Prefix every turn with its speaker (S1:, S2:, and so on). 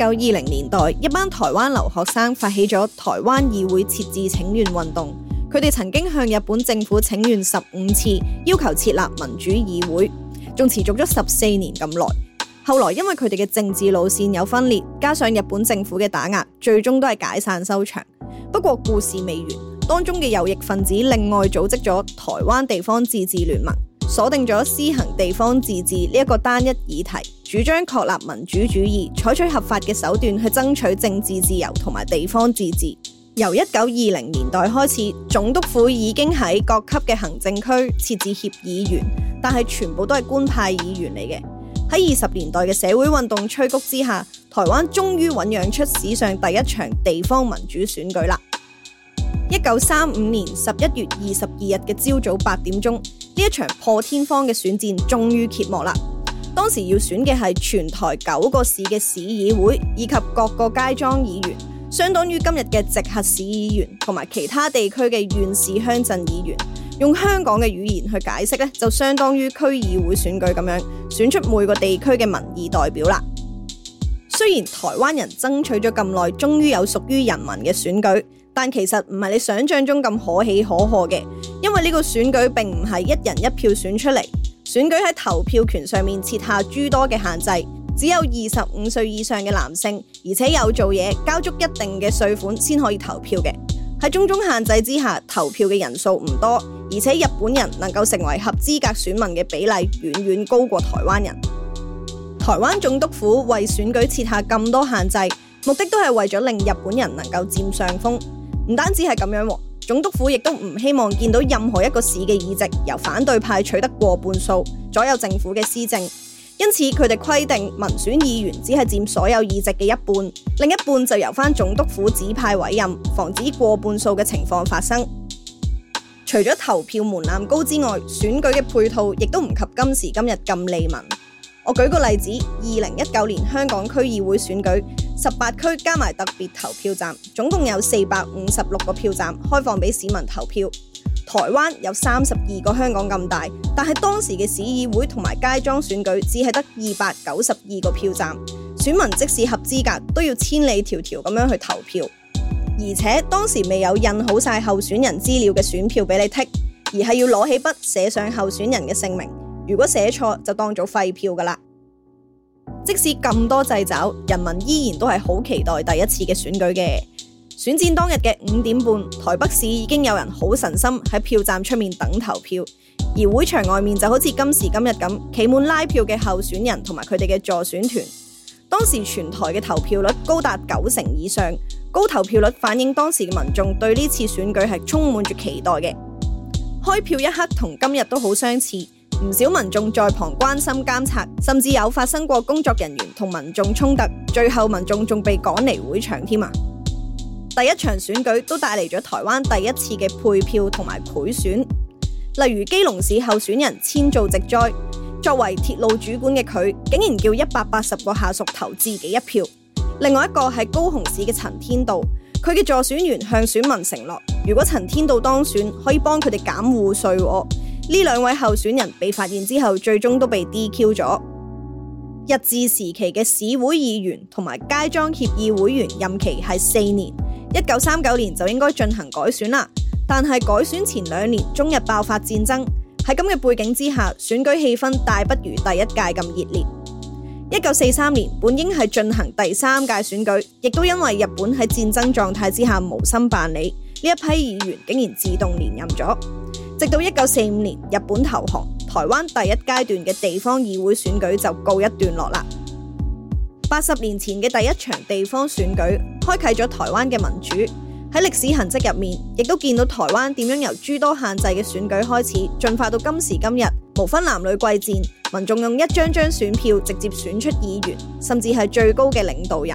S1: 一九二零年代，一班台灣留學生發起咗台灣議會設置請願運動。佢哋曾經向日本政府請願十五次，要求設立民主議會，仲持續咗十四年咁耐。後來因為佢哋嘅政治路線有分裂，加上日本政府嘅打壓，最終都係解散收場。不過故事未完，當中嘅右翼分子另外組織咗台灣地方自治聯盟，鎖定咗施行地方自治呢一個單一議題。主張確立民主主義，採取合法嘅手段去爭取政治自由同埋地方自治。由一九二零年代開始，總督府已經喺各級嘅行政區設置協議員，但係全部都係官派議員嚟嘅。喺二十年代嘅社會運動催谷之下，台灣終於醞釀出史上第一場地方民主選舉啦。一九三五年十一月二十二日嘅朝早八點鐘，呢一場破天荒嘅選戰終於揭幕啦。當時要選嘅係全台九個市嘅市議會以及各個街莊議員，相當於今日嘅直轄市議員同埋其他地區嘅縣市鄉鎮議員。用香港嘅語言去解釋呢，就相當於區議會選舉，咁樣選出每個地區嘅民意代表啦。雖然台灣人爭取咗咁耐，終於有屬於人民嘅選舉，但其實唔係你想象中咁可喜可賀嘅，因為呢個選舉並唔係一人一票選出嚟。選舉喺投票權上面設下諸多嘅限制，只有二十五歲以上嘅男性，而且有做嘢、交足一定嘅稅款先可以投票嘅。喺種種限制之下，投票嘅人數唔多，而且日本人能夠成為合資格選民嘅比例遠遠高過台灣人。台灣總督府為選舉設下咁多限制，目的都係為咗令日本人能夠佔上風，唔單止係咁樣。總督府亦都唔希望見到任何一個市嘅議席由反對派取得過半數，左右政府嘅施政。因此，佢哋規定民選議員只係佔所有議席嘅一半，另一半就由翻總督府指派委任，防止過半數嘅情況發生。除咗投票門檻高之外，選舉嘅配套亦都唔及今時今日咁利民。我舉個例子，二零一九年香港區議會選舉。十八區加埋特別投票站，總共有四百五十六個票站開放俾市民投票。台灣有三十二個香港咁大，但係當時嘅市議會同埋街莊選舉只係得二百九十二個票站，選民即使合資格都要千里迢迢咁樣去投票，而且當時未有印好晒候選人資料嘅選票俾你剔，而係要攞起筆寫上候選人嘅姓名，如果寫錯就當做廢票㗎喇。即使咁多掣肘，人民依然都係好期待第一次嘅選舉嘅。選戰當日嘅五點半，台北市已經有人好神心喺票站出面等投票，而會場外面就好似今時今日咁，企滿拉票嘅候選人同埋佢哋嘅助選團。當時全台嘅投票率高達九成以上，高投票率反映當時嘅民眾對呢次選舉係充滿住期待嘅。開票一刻同今日都好相似。唔少民眾在旁關心監察，甚至有發生過工作人員同民眾衝突，最後民眾仲被趕離會場添啊！第一場選舉都帶嚟咗台灣第一次嘅配票同埋賄選，例如基隆市候選人千造直災，作為鐵路主管嘅佢，竟然叫一百八十個下屬投自己一票。另外一個係高雄市嘅陳天道，佢嘅助選員向選民承諾，如果陳天道當選，可以幫佢哋減戶稅。呢兩位候選人被發現之後，最終都被 DQ 咗。日治時期嘅市會議員同埋街莊協議會員任期係四年，一九三九年就應該進行改選啦。但係改選前兩年，中日爆發戰爭。喺咁嘅背景之下，選舉氣氛大不如第一屆咁熱烈。一九四三年本應係進行第三屆選舉，亦都因為日本喺戰爭狀態之下無心辦理，呢一批議員竟然自動連任咗。直到一九四五年日本投降，台灣第一階段嘅地方議會選舉就告一段落啦。八十年前嘅第一場地方選舉，開啟咗台灣嘅民主。喺歷史痕跡入面，亦都見到台灣點樣由諸多限制嘅選舉開始，進化到今時今日，無分男女貴賤，民眾用一張張選票直接選出議員，甚至係最高嘅領導人。